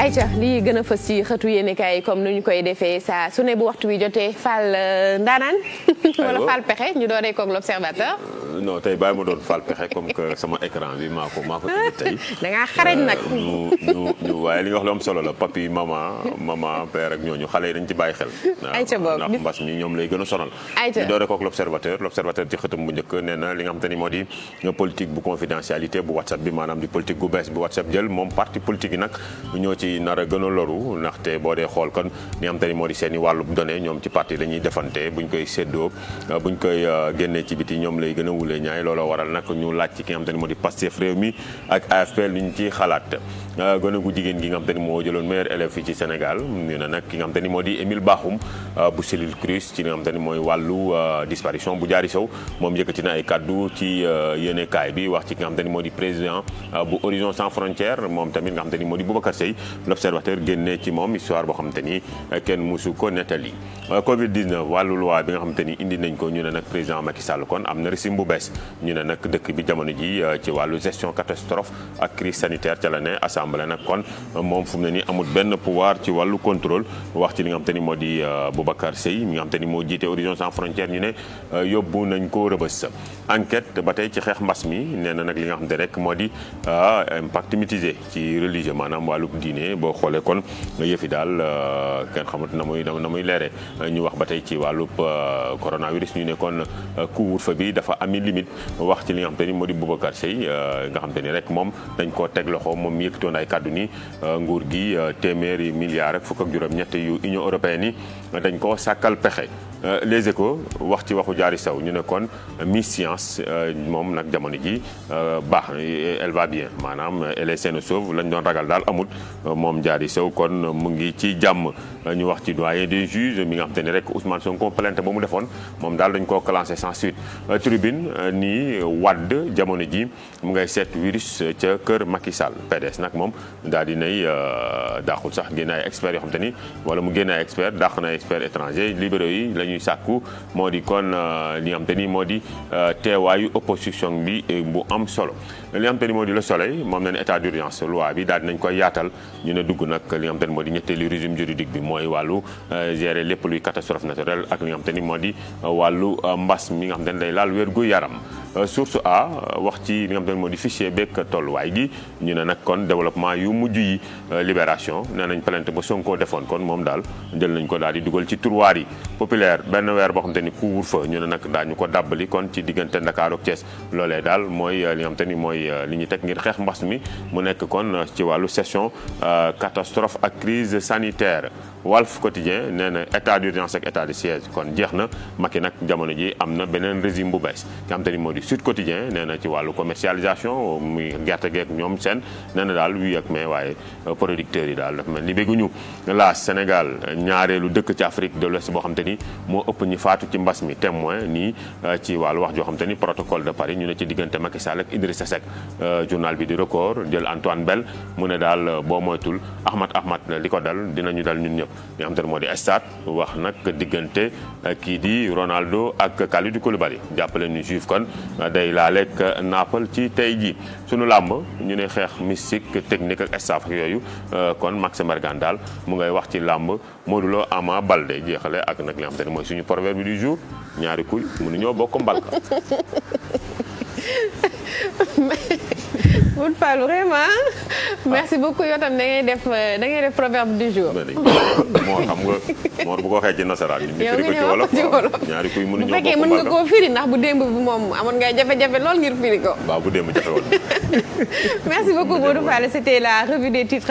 ayca li gën a fas ci xëtu yéenekaay yi comme nu ñu koy defee saa su ne bu waxtu bi jotee Fall euh, ndaanaan wala Fall pexe ñu dooree koog l'observateur Euh, non tey bàyyi ma doon fal pexe comme que sama écran bi maa ko maa ko indi tey. da ngaa nag. Euh, ñu ñu waaye li nga wax lu am solo la papi maman maman père ak ñooñu xale yi dañ ci bàyyi xel. ayca boobu ndax mbas mi ñoom lay gën a sonal. ayca ñu doore kook l'observateur l'observateur ci xëtam bu njëkk nee na li nga xam te ni moo di politique bu confidentialité bu WhatsApp bi maanaam di politique gu bees bu WhatsApp jël moom parti politique yi nag ñoo ci nar a gën a loru ndaxte boo dee xool kon li nga xam te ni moo di seen i wàllu données ñoom ci parti la ñuy buñ koy séddoo buñ koy euh, génnee ci biti ñoom lay gën a Wule Ndiaye looloo waral nag ñu laaj ci ki nga xam moo di Pastef réew mi ak AFP lu ci xalaat euh, gone gu jigéen gi nga xam te ni moo jëloon meilleur élève ci Sénégal ñu ne nag ki nga xam moo di Émile Bakhoum euh, bu cellule CRUS ci nga xam mooy wàllu euh, disparition bu Horizon Sans Frontières moom tamit nga xam moo di Boubacar Seye l'observateur génnee ci moom histoire boo xam kenn musu ko nettali Covid 19 wàllu loi bi nga xam indi nañ ko ñu bees ñu ne nag dëkk bi jamono ji euh, ci wàllu gestion catastrophe ak crise sanitaire ca la ne assemblée nag kon moom fu mu ne nii amul benn pouvoir ci wàllu contrôle wax ci li nga xam te ni moo di euh, Boubacar Seye mi nga xam te ni moo jiite Horizon sans frontières ñu ne euh, yóbbu nañ ko rëbës enquête ba tey ci xeex mbas mi nee na nag li nga xam te rek moo di impact mitigé ci religieux maanaam wàllu diine boo xoolee kon yëfi daal kenn xamut na muy na muy leere ñu wax ba tey ci wàllub coronavirus ñu ne kon couvre suñuy limite wax ci li nga xam te ni moo di Boubacar euh, nga xam te ni rek moom dañ koo teg loxo moom yëkkatoon ay kàddu ni euh, nguur gi euh, téeméeri milliards rek fukk ak juróom-ñett yu Union européenne yi dañ koo sàkkal pexe. Les Échos wax ci waxu jaari sew ñu ne kon mi science moom nag jamono ji baax elle va bien maanaam elle est saine sauve lañ doon ragal daal amut moom jaari sew kon mu ngi ci jàmm ñu wax ci doyen des juges mi nga xam te ni rek Ousmane Sonko plainte ba mu defoon moom daal dañ koo clancé sans nii Wade jamono ji mu ngay seet virus ca kër Macky Sall PDS nag moom daal di nay euh, daaxul sax génn ay experts yoo xam te wala mu génn ay experts dàq na ay experts étrangers yi la ñuy sàkku moo di kon euh, li nga xam ni moo di euh, teewaayu opposition bi bu am solo. li nga xam te soleil moom na ne état d'urgence loi bi daal di nañ koy yaatal ñu ne dugg nag li nga xam te ni moo di ñetteelu régime juridique bi mooy wàllu gérer lépp luy catastrophe naturelle ak li nga xam moo di wàllu mbas mi nga xam te ni day laal wér yaram euh, source a euh, wax ci li nga xam ne moo di fichier bekk tolluwaay gi ñu ne nag kon développement yu mujj yi euh, libération nee nañ plainte ba Sonko defoon kon moom daal del nañ ko daal di dugal ci turwaar yi populaire benn weer boo xam te ni ñu ne nag ñu ko dàbbali kon ci diggante Ndakaaru ak loolee daal mooy li ni mooy li ñu teg ngir xeex mbas mi mu nekk kon ci wàllu session catastrophe ak crise sanitaire Walf Quotidien nee na état d'urgence ak état de kon jeex na Macky nag jamono ji am na beneen régime bu nga xam te ni moo di Sud Quotidien nee ci wàllu commercialisation muy gerte geeg ñoom seen nee daal wii ak mais waaye producteurs yi daal dafa mel ni bégguñu la Sénégal ñaareelu dëkk ci Afrique de l'Ouest boo xam te ni moo ëpp ñi faatu ci mbas mi témoin nii euh, ci wàllu wax joo xam te ni protocole de Paris ñu ne ci diggante Macky Sall ak Idrissa Seck euh, journal bi di record jël Antoine Bell mu ne daal euh, boo moytul Ahmad Ahmad li ko dal dinañu dal ñun ñëpp nga xam moo di stade wax nag diggante kii di Ronaldo ak kon day laaleeg Naples ci tey ji sunu làmb ñu ne xeex mystique technique ak staff ak yooyu euh, kon Max Mbargane daal mu ngay wax ci làmb Modou Lo Ama Baldé jeexale ak nag li xam te ne mooy suñu proverbe du jour ñaari kuy ñoo bokk mbalka Mout Fall vraiment. merci beaucoup yow tam da ngay def da ngay def proverbe du jour. moo xam nga moo bu ko waxee ci nasaraan. yow nga ñëw wax ci wolof ñaari kuy mënuñoo bu fekkee mën nga koo firi ndax bu démb bi moom amoon ngay jafe-jafe lool ngir firi ko. waaw bu démb jafe woon merci beaucoup Modou Fall c'était la revue des titres.